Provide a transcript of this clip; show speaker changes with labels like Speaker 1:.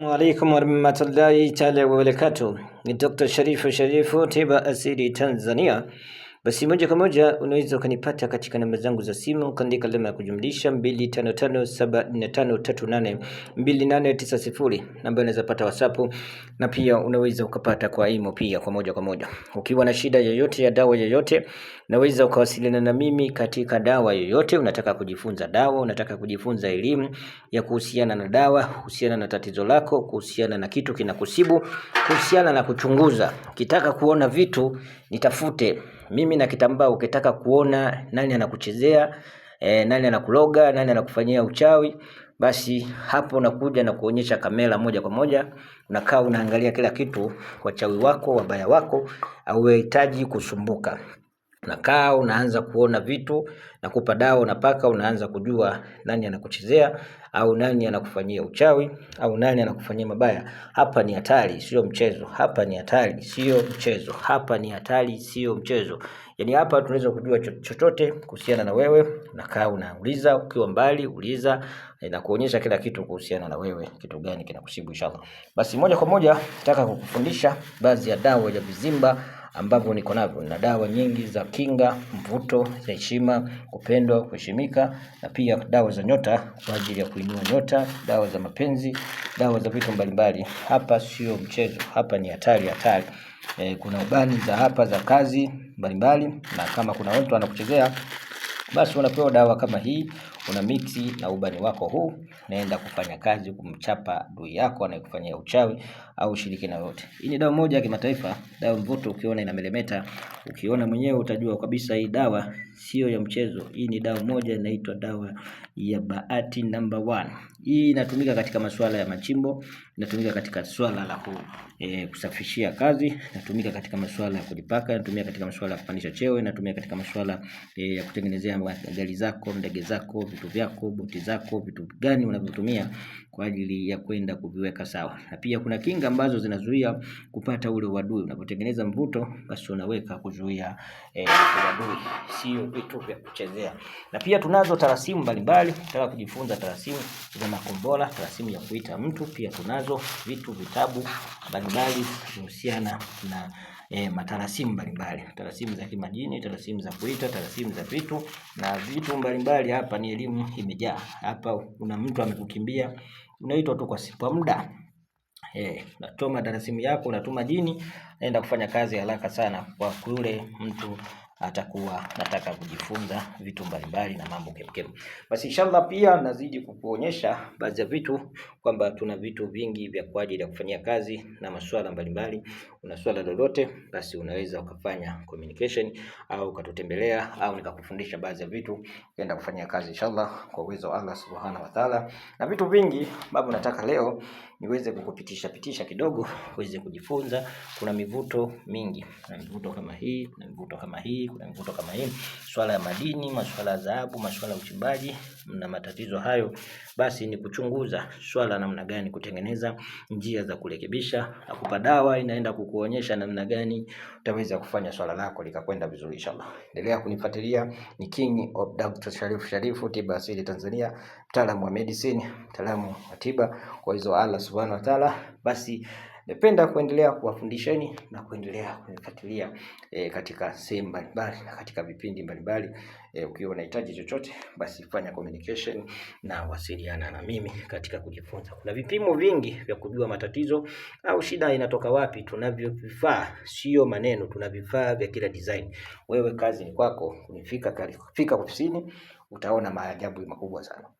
Speaker 1: السلام عليكم ورحمة الله تعالى وبركاته الدكتور شريف شريف طب أسيري تنزانيا Basi moja kwa moja unaweza ukanipata katika namba zangu za simu, ukaandika alama ya kujumlisha 255745382890 namba unaweza pata WhatsApp, na pia unaweza ukapata kwa imo pia kwa moja kwa moja. Ukiwa na shida yoyote ya dawa yoyote, unaweza ukawasiliana na mimi katika dawa yoyote. Unataka kujifunza dawa, unataka kujifunza elimu ya kuhusiana na dawa, kuhusiana na tatizo lako, kuhusiana na kitu kinakusibu, kuhusiana na kuchunguza, ukitaka kuona vitu nitafute. Mimi nakitambaa ukitaka kuona nani anakuchezea, e, nani anakuloga, nani anakufanyia uchawi Basi hapo nakuja na kuonyesha kamera moja kwa moja Unakaa unaangalia kila kitu wachawi wako, wabaya wako hauhitaji kusumbuka unakaa unaanza kuona vitu na kupa dawa unapaka, unaanza kujua nani anakuchezea au nani anakufanyia uchawi au nani anakufanyia mabaya. Hapa ni hatari, sio mchezo. Hapa ni hatari, sio mchezo. Hapa ni hatari, sio mchezo. Yani hapa tunaweza kujua chochote kuhusiana na wewe. Unakaa unauliza, ukiwa mbali uliza, inakuonyesha kila kitu kuhusiana na wewe, kitu gani kinakusibu inshallah. Basi moja kwa moja nataka kukufundisha baadhi ya dawa ya vizimba ambavyo niko navyo. Nina dawa nyingi za kinga, mvuto, za heshima, kupendwa, kuheshimika, na pia dawa za nyota kwa ajili ya kuinua nyota, dawa za mapenzi, dawa za vitu mbalimbali. Hapa sio mchezo, hapa ni hatari hatari. E, kuna ubani za hapa za kazi mbalimbali, na kama kuna mtu anakuchezea basi unapewa dawa kama hii una miti na ubani wako huu, naenda kufanya kazi kumchapa dui yako anayekufanyia uchawi au ushiriki na yote. Hii ni dawa moja ya kimataifa, dawa mvuto, ukiona ina melemeta, ukiona mwenyewe utajua kabisa hii dawa sio ya mchezo. Hii ni dawa moja inaitwa dawa ya bahati number one. Hii inatumika katika masuala ya machimbo, inatumika katika swala la ku, e, kusafishia kazi, inatumika katika masuala ya kujipaka, inatumika katika masuala ya kupandisha cheo, inatumika katika masuala e, eh, ya kutengenezea gari zako, ndege zako vitu vyako, boti zako, vitu gani unavyotumia kwa ajili ya kwenda kuviweka sawa. Na pia kuna kinga ambazo zinazuia kupata ule wadui Unapotengeneza mvuto, basi unaweka kuzuia eh, sio vitu vya kuchezea. Na pia tunazo tarasimu mbalimbali, nataka kujifunza tarasimu za makombora, tarasimu ya kuita mtu. Pia tunazo vitu vitabu mbalimbali kuhusiana na e, matarasimu mbalimbali, tarasimu za kimajini, tarasimu za kuita, tarasimu za vitu na vitu mbalimbali. Hapa ni elimu imejaa hapa. Kuna mtu amekukimbia, unaitwa tu kwa sipa muda Eh, unatuma tarasimu yako, unatuma jini, naenda kufanya kazi haraka sana kwa kule mtu atakuwa nataka kujifunza vitu mbalimbali na mambo kemkem. Basi inshallah pia nazidi kukuonyesha baadhi ya vitu kwamba tuna vitu vingi vya kwa ajili ya kufanyia kazi na masuala mbalimbali. Una swala lolote, basi unaweza ukafanya communication au ukatutembelea au nikakufundisha baadhi ya vitu ukaenda kufanyia kazi inshallah kwa uwezo wa Allah subhanahu wa ta'ala, na vitu vingi babu, nataka leo niweze kukupitisha pitisha kidogo uweze kujifunza. Kuna mivuto mingi na mivuto kama hii na mivuto kama hii utalii, kuna mvuto kama hii, swala ya madini, masuala ya dhahabu, masuala ya uchimbaji, mna matatizo hayo, basi ni kuchunguza swala namna gani kutengeneza njia za kurekebisha. Nakupa dawa inaenda kukuonyesha namna gani utaweza kufanya swala lako likakwenda vizuri inshallah. Endelea kunifuatilia, ni King of Dr. Sharif Sharif, tiba asili Tanzania, mtaalamu wa medicine, mtaalamu wa tiba kwa hizo Allah subhanahu wa ta'ala, basi Napenda kuendelea kuwafundisheni na kuendelea kunifuatilia e, katika sehemu mbalimbali na katika vipindi mbalimbali e, ukiwa unahitaji chochote basi fanya communication na wasiliana na mimi katika kujifunza. Kuna vipimo vingi vya kujua matatizo au shida inatoka wapi, tunavyo vifaa, sio maneno, tuna vifaa vya kila design. Wewe kazi ni kwako, unifika kufika ofisini utaona maajabu makubwa sana.